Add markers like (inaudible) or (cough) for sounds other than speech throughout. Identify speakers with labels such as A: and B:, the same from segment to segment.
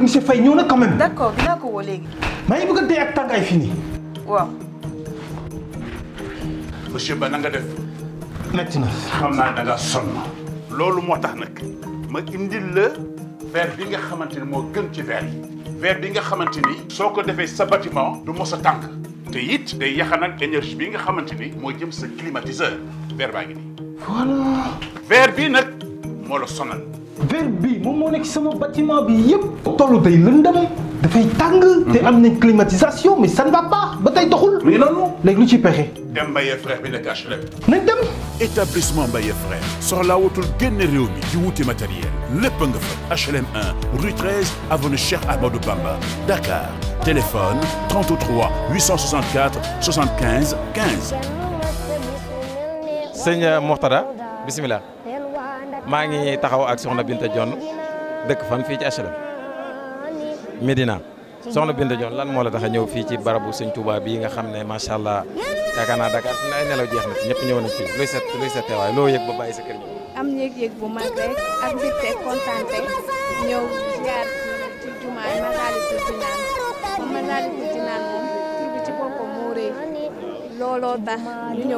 A: que monsieur Faye ñëw na quand même. d'accord dinaa ko woo léegi. maa ngi bëgg dee ak tàngaay fii nii. waaw.
B: Ba na nga def. metti na. xam loolu moo tax nag ma indi la verre bi nga xamante ni moo gën ci verre yi. verre bi nga xamante ni. soo ko defee sa bâtiment du mos a tànk. te it day yaxanal énergie bi nga xamante ni. moo jëm sa climatiseur verre baa ngi nii. voilà. verre bii nag moo la verre bii moom moo nekk sama bâtiment bi yëpp. tollu day lëndëm dafay tàng. te mhm. am nañ climatisation mais ça ne va ba tey doxul. muy noonu. léegi lu ci pexe. dem Mbaye frère bi nekk HLM. nañ dem. établissement Mbaye frère soxlaa wutul génn réew di wuti matériel lépp nga fa HLM 1 rue 13 avenue Cheikh Amadou Bamba Dakar téléphone 33 864 75 15. sëñ maa ngi taxaw ak soxna Binta Dione dëkk fan fii ci HLM Medina soxna Binta Dione lan moo la tax ñëw fii ci barabu sëñ Touba bii nga xam ne macha allah yaakaar naa Dakar fi nelaw jeex na fi ñëpp ñëw nañ fii luy set luy set waaye loo yëg ba bàyyi sa kër ñëw.
A: am yëg-yëg bu mag rek ak mbégte kontaante ñëw ziar ci looloo tax hmm, ñu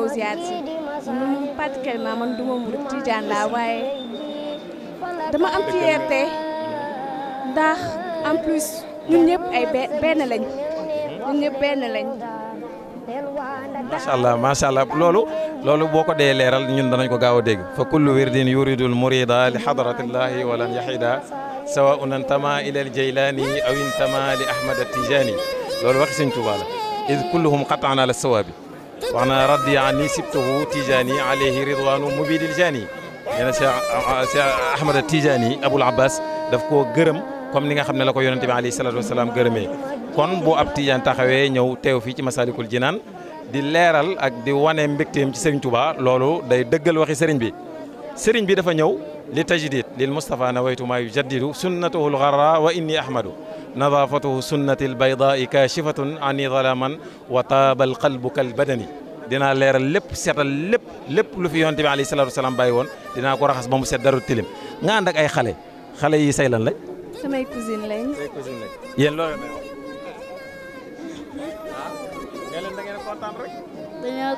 B: loolu. loolu boo ko dee leeral ñun danañ ko gaaw a dégg fa kullu wirdin yuridul murida li hadratillahi walan yahida sawaun intama ila al jaylani aw intama li ahmad at tijani loolu waxi sëñ Tuubaa la id kulluhum ala sawaabi wax na raddi anni sibtuhu tijaani alayhi ridwanu mubidil jaani nee na Cheikh Cheikh Ahmada Tijaani Abul Abbas daf koo gërëm comme ni nga xam ne la ko yonente bi alayhi salaatu wasalaam gërëmee kon boo ab tijaan taxawee ñëw teew fii ci Masaalikul Jinaan di leeral ak di wane mbégteem ci Serigne Touba loolu day dëggal waxi sëriñ bi Serigne bi dafa ñëw li tajdid lil Mustafa nawaytu maa yujaddidu sunnatahul xarra wa inni ahmadu nadaafatuhu sunnatil baydaai kaashifatun ani zalaman wa taabal qalbu kal badani dinaa leera lépp setal lépp lépp lu fi yonent bi alayhi salaatu salaam bàyyi woon dinaa ko raxas ba mu set daru tilim ay xale xale yi say lan lañ.
A: samay cousine lañ. samay cousine lañ
B: yéen loolu dañoo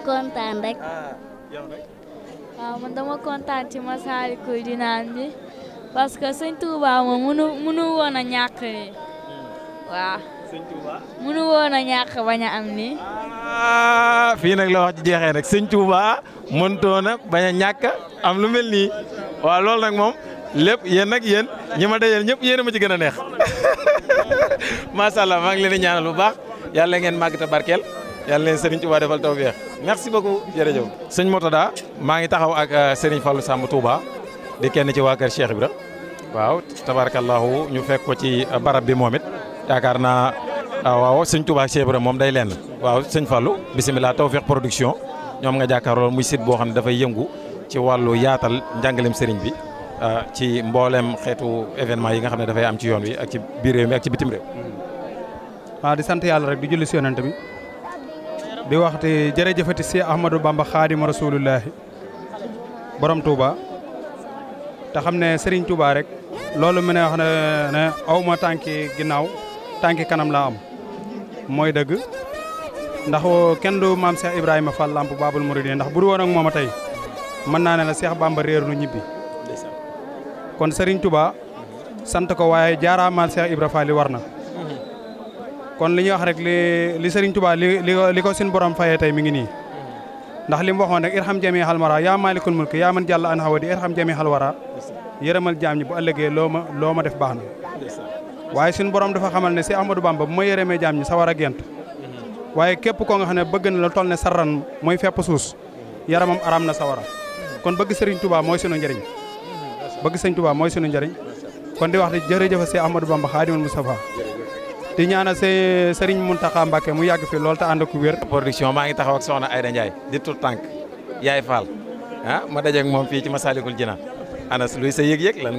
A: kontaan rek. waaw man ci Masaalikul Jinaan bi parce que sëñ Touba moom mënu mënu waaw. munu woon a ñàkk am nii. Ah,
B: fii nag la wax ci jeexee nag sëñ Touba mëntoon a bañ ñàkk am lu mel nii waaw loolu nag moom lépp yéen nag yéen ñi ma dajeel ñëpp yéen a ma ci gën a neex (laughs) macha maa ngi leen di ñaanal bu baax yàlla ngeen màgg te barkeel yàlla leen Serigne Touba defal tawfeex merci beaucoup jërëjëf. sëñ daa maa ngi taxaw ak euh, Serigne Fallou Samb Touba di kenn ci waa kër bi Ibra waaw tabarakallahu ñu fekk ko ci euh, barab bi moom it yaakaar naa ah, waaw sëñ Touba Cheikh Ibrahima moom day leen waaw sëñ Fallou bisimilah Tawfekh Production ñoom nga jàkkaarloo muy site boo xam ne dafay yëngu ci wàllu yaatal njàngaleem sëriñ bi ah, ci mbooleem xeetu événement yi nga xam ne dafay am ci yoon wi ak ci
A: biir réew mi ak ci bitim réew. di sant yàlla rek di julli si yonent bi di waxte jërëjëfati si Ahmadou Bamba Xaadimu Rasuulullaahi borom tuuba te xam ne sëriñ Touba rek loolu mu ne wax ne ne aw ma ginnaaw. tànki kanam laa am mooy dëgg ndax kenn du maam Cheikh Ibrahima Fall Lamp Baabul Mourideen ndax bu du moom a tey mën naa ne la Cheikh Bamba réer nu ñibbi kon Serigne Touba sant ko waaye jaaraamaal Cheikh Ibra Fall li war na kon li ñuy wax rek li li Serigne Touba li ko suñu borom fayee tey mi ngi nii ndax li mu waxoon rek irham jami xalmara yaa maalikul mulk yaa man jàll an xawa di irham jami xalwara yërëmal jaam ñi bu ëllëgee loo ma loo ma def baax waaye suñu borom dafa xamal ne si Ahmadou Bamba bu ma yëremee jaam ñi sawar a gént waaye képp koo nga xam ne bëgg na la toll ne sarran mooy fepp suus yaramam aram na sawara kon bëgg Serigne tubaa mooy sunu njëriñ bëgg Serigne Touba mooy sunu njëriñ kon di wax ne jërëjëf si Ahmadou Bamba Xaadimul Mustafa di ñaanal Serigne Mountakha Mbacké mu yàgg fi loolu te ànd ku wér. production
B: maa ngi taxaw ak soxna Aïda Ndiaye di tur tànk yaay Fall ah ma dajeeg moom fii ci ma Jinaan anas luy sa yëg-yëg lan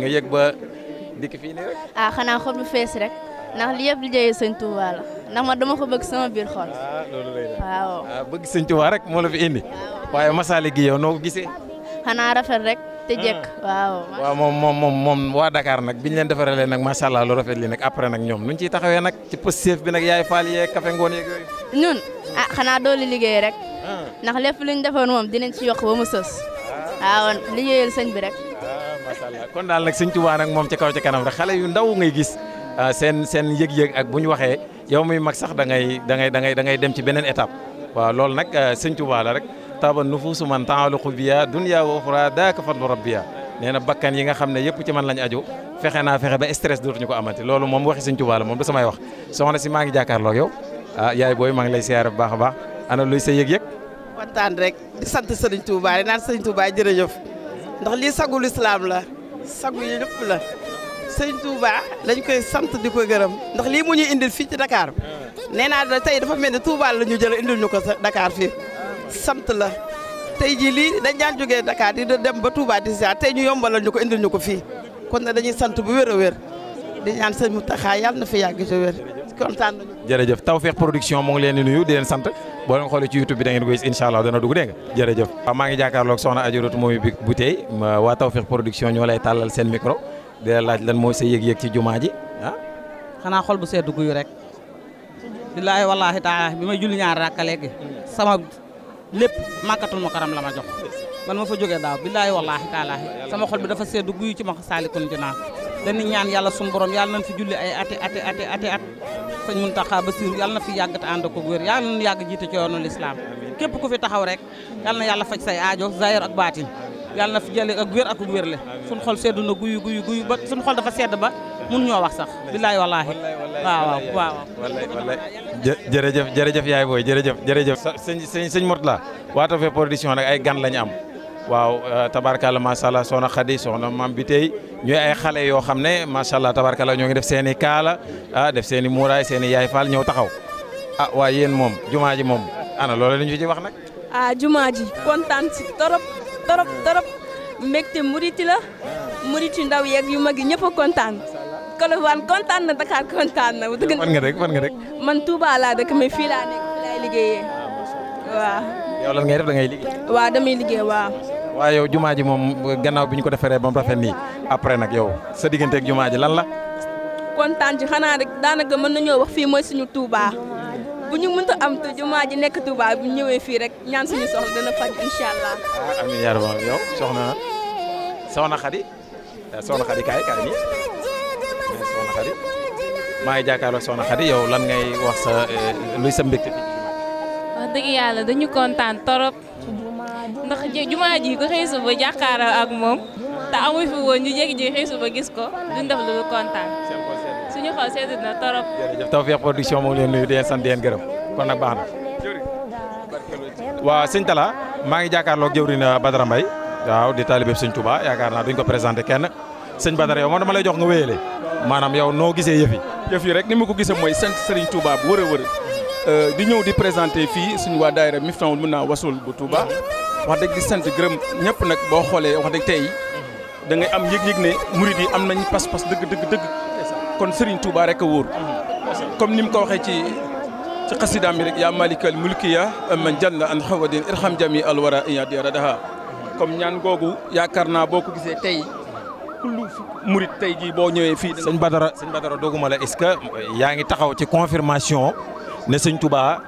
B: dikk fii nii rek.
A: Ah, xanaa xol bu fees rek ndax li yëpp liggéeyu sëñ Touba la ndax man dama ko bëgg sama biir xol. Ah, waaw.
B: Ah, bëgg sëñ Touba rek moo la indi. waaye masaale gi yow noo ko gisee.
A: xanaa rafet rek. te jekk waaw.
B: waaw moom moom moom moom waa Dakar nag bi ñu leen defaralee nag macha allah lu rafet li nag après nag ñoom nuñ ciy taxawee nag ci positif bi nag yaay faal yeeg kafe ngoon yeeg yooyu.
A: ñun xanaa dooli liggéey rek. ndax lépp luñ defoon moom dinañ ci yokk ba mu sës. waaw liggéeyal sëñ bi rek. macha allah
B: kon daal nag sëñ Tuubaa nag moom ca kaw ca kanam rek xale yu ndaw ngay gis ah, seen seen yëg-yëg ak bu waxee yow muy mag sax da ngay da ngay da ngay da ngay dem ci beneen étape waaw loolu nag ah, sëñ Tuubaa la rek taba nufuusu man taaluqu biya dunya wa uxra daaka fadlu rabbiya nee na bakkan yi nga xam ne yëpp ci man lañ aju fexe naa fexe ba stress dootuñu ko amati loolu moom waxi sëñ Tuubaa moom du samay wax soxna si maa ngi jàkkaarloog yow ah yaay booy maa lay siyaare a ndax lii
A: sagul islaam la sagu yi la sëñ Touba lañ koy sant di ko gërëm ndax lii mu ñu indil fii ci Dakar nee naa da tey dafa mel ni Touba la ñu jël indil ñu ko Dakar fii sant la tey jii lii dañ daan jógee Dakar di dem ba Touba di ziar tey ñu yombalal ñu ko indil ñu ko fii kon na dañuy sant bu wér wer di ñaan sëñ Mountakha yàlla na fi yàgg ci wér kontaan nañu.
B: jërëjëf Tawfekh Production mu ngi leen di nuyu di leen sant boo leen xoolee ci YouTube bi da ngeen ko gis incha allah dugg dégg nga jërëjëf. waaw maa ngi jàkkaarloog soxna Adjaratou Momy Bouteille waa Tawfekh Production ñoo lay tàllal seen micro di la laaj lan mooy sa yëg-yëg ci jumaa ji ah?
A: xanaa xol bu sedd guyu rek. billaahi wallaahi taala bi may julli ñaar rakka léegi sama lépp màkkatul ma karam la ma jox man ma fa jógee daaw billaahi wallaahi dañuy ñaan yàlla suñu borom yàlla nañ fi julli ay ati ati ati ati at sëñ Muntaxa Basiru yàlla na fi yàgg te ànd ko wér yàlla nañu yàgg jiite ci yoonu lislaam képp ku fi taxaw rek yàlla na yàlla faj say aajo zahir ak baatin yàlla na fi jële ak wér ak wér le suñu xol seddu na guyu guyu guyu ba suñu xol dafa sedd ba mun ñoo wax sax billaahi wallaahi waaw waaw
B: jërëjëf jërëjëf yaay booy jërëjëf jërëjëf sëñ sëñ Mourtalla waa Tawfekh Production nag ay gan lañu am waaw euh, tabarkalla macha allah soxna Khady soxna maam bi tey ñuy ay xale yoo xam ne macha allah tabarkalla ñoo ngi def seeni i kaala ah, def seeni i muuraay seen i yaay faal ñëw taxaw ah waaye yéen moom jumaa ji moom ana loolu la ñu ci wax nag.
A: a ah, jumaa ji kontaan si torop torop torop mbégte muriti la muriti ndaw yeeg yu mag yi ñëpp a kontaan. Colobane kontaan na Dakar kontaan na. dëgg fan nga dëkk fan nga dëkk. man Touba laa dëkk mais fii laa nekk laay liggéeyee ah, waaw.
B: waaye yow jumaa ji moom gannaaw bi ñu ko defaree ba mu rafet nii après nag yow sa diggante ak jumaa ji lan la.
A: kontaan ci xanaa rek daanaka mën nañoo wax fii mooy suñu Touba bu ñu mënta am te jumaa ji nekk Touba bu ñëwee fii rek ñaan suñu soxla dana faj incha
B: ah, yow soxna soxna eh, soxna Khady kaay kaay nii eh, soxna maa ngi jàkkaarloo soxna Khady yow lan ngay wax sa eh, luy sa mbégte.
A: wax dëgg yàlla dañu kontaan torop ndax jumaa ji ko xëy suba ak moom te amu fi woon ñu jékki-jékki xëy suba gis ko duñ def lu kontaan suñu xol sedd na torop.
B: jërëjëf Tawfekh Production moo ngi leen nuyu di leen gërëm kon nag baax waa waaw tala maa ngi jàkkaarloog jëwriñ euh, Badara Mbaye waaw di taalibe sëñ tubaa yaakaar naa duñ ko présenté kenn sëñ Badara yow moom dama lay jox nga wéyale maanaam yow noo gisee yëf yi. rek ni ma ko gisee mooy sant Serigne Touba bu wërëwër euh, di ñëw di présenté fii suñu waa daayira Miftahul Muna Wasul bu Touba wax dëgg di sant gërëm ñëpp nag boo xoolee wax dëgg tey da ngay am yëg-yëg ne murid yi am nañ pas-pas dëgg dëgg dëgg kon sëriñ Touba rek a wóor comme ni mu ko waxee ci ci xasidaam bi rek yaa malikal mulkiya man jalla an xawadin irham jami alwara iya diaradaha comme ñaan googu yaakaar naa boo ko
A: gisee tey kullu
B: murid tey jii boo ñëwee fii sëñ Badara sëñ Badara dooguma la est-ce que yaa ngi taxaw ci confirmation ne sëñ Touba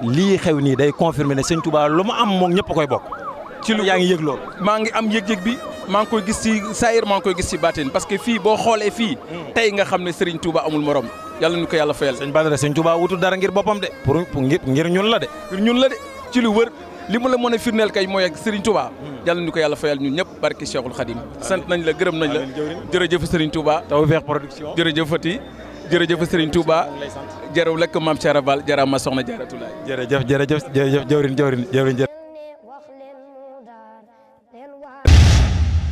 B: lii xew nii day confirmer ne sëñ Touba lu mu am moom ñëpp koy bokk ci lu yaa ngi yëg loolu maa ngi am yëg-yëg bi maa ngi koy gis ci saayir maa ngi koy gis ci baatin parce que fii boo xoolee fii hmm. tey nga xam ne Serigne Touba amul morom yàlla ñu ko yàlla fayal Serigne Badara Serigne Touba wutul dara ngir boppam de pour ngir ñun la de ngir ñun la de ci lu wër li mu la mën a firndeel kay mooy ak Serigne Touba hmm. yàlla ñu ko yàlla fayal ñun ñëpp barki Cheikhul Khadim sant nañ la gërëm nañ la jërëjëf Serigne Touba Tawfekh Production jërëjëf Fati jërëjëf Serigne Touba jërëw lekk Mame Thiara Fall jaraama soxna Jaaratulaay jërëjëf jërëjëf jërëjëf jawrin jawrin jawrin